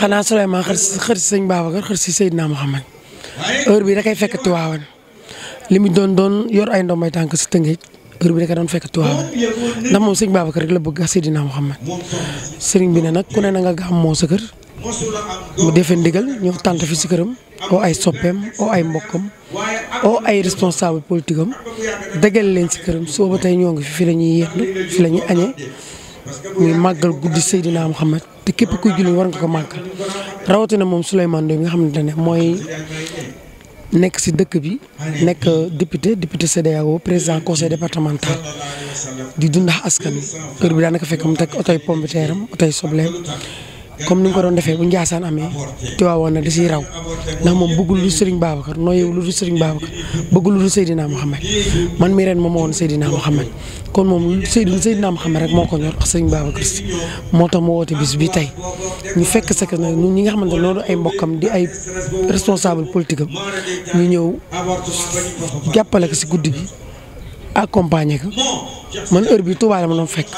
xanaa Souleymane xër si si sëñ Babacar xër si Seydina Mohamed heure bi da ay fekk Tiwaawan li mu doon doon yor ay may tànk si Tëngéej heure bi da koy doon fekk Tiwaawan ndax moom sëñ Babacar rek la bëgg Seydina Mohamed sëriñ bi ne nag ku ne na nga moo sa kër mu defee ndigal ñëw tànt fi si këram oo ay soppeem oo ay mbokkam oo ay responsable politique dëggal leen si këram soo ba tey ñoo ngi fi fi la ñuy yendu fi la ñuy añee muy màggal guddi Seydina Mohamed te képp kuy julli war nga ko màggal rawatina moom Souleymane Ndoye mi nga xamante ne mooy nekk si dëkk bi nekk député député CEDEAO président conseil départemental di dundax askan heure bi daanaka fekk mu tekk teg otoy pombiteeram otoy sobleem comme ni nga ko doon defee bu Njaasaan amee Tiwaawoon na da siy raw ndax moom bëggul lu Serigne Babacar nooyewu lu dul sëriñ Babacar bëggul lu dul Seydina Mouhamed man mi ren moom ma woon Seydina Mouhamed kon moom Seydina Seydina Mouhamed rek moo ko ñor ak Serigne moo tax mu woote bis bi tey ñu fekk sa kër nag ñun ñi nga xamante ne loolu ay mbokkam di ay responsable politique am ñu ñëw jàppale ko si guddi gi accompagner ko man heure bi Touba la ma fekk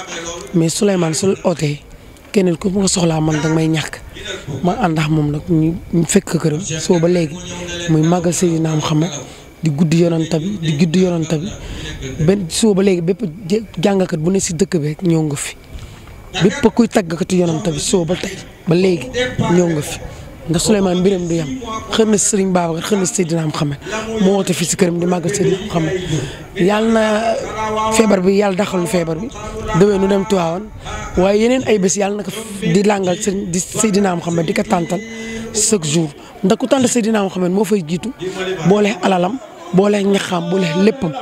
mais Souleymane su ootee. keneen ku ma soxlaa man danga may ñàkk ma àndax moom nag ñu fekk këram soo ba léegi muy màggal Seydina Muhammad di gudd yonanta bi di gudd yonanta bi benn soo ba léegi bépp jàngakat bu ne si dëkk bi rek ñëw nga fi bépp kuy tàggakatu yonanta bi soo ba tey ba léegi ñëw nga fi ndax Souleymane mbiram du yem xër na Serigne Babacar xër na Seydina Mouhamed moo woote fii si këram di màggal Seydina Mouhamed yàlla na feebar bi yàlla daxal feebar bi déwee nu dem Tiwaawan waaye yeneen ay bés yàlla na ko di làngal Serigne di Seydina Mouhamed di ko tàntal chaque jour ndax ku tàntal Seydina Mouhamed moo fay jiitu boole alalam boole ñaxam boole léppam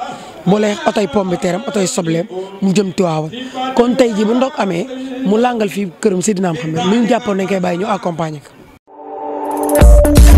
boole otoy pomme de terre otoy sobleem mu jëm Tiwaawan kon tey ji bu ndox amee mu làngal fii këram Seydina Mouhamed lu ñu jàppoon nañ koy bàyyi ñu accompagner ko Thank you.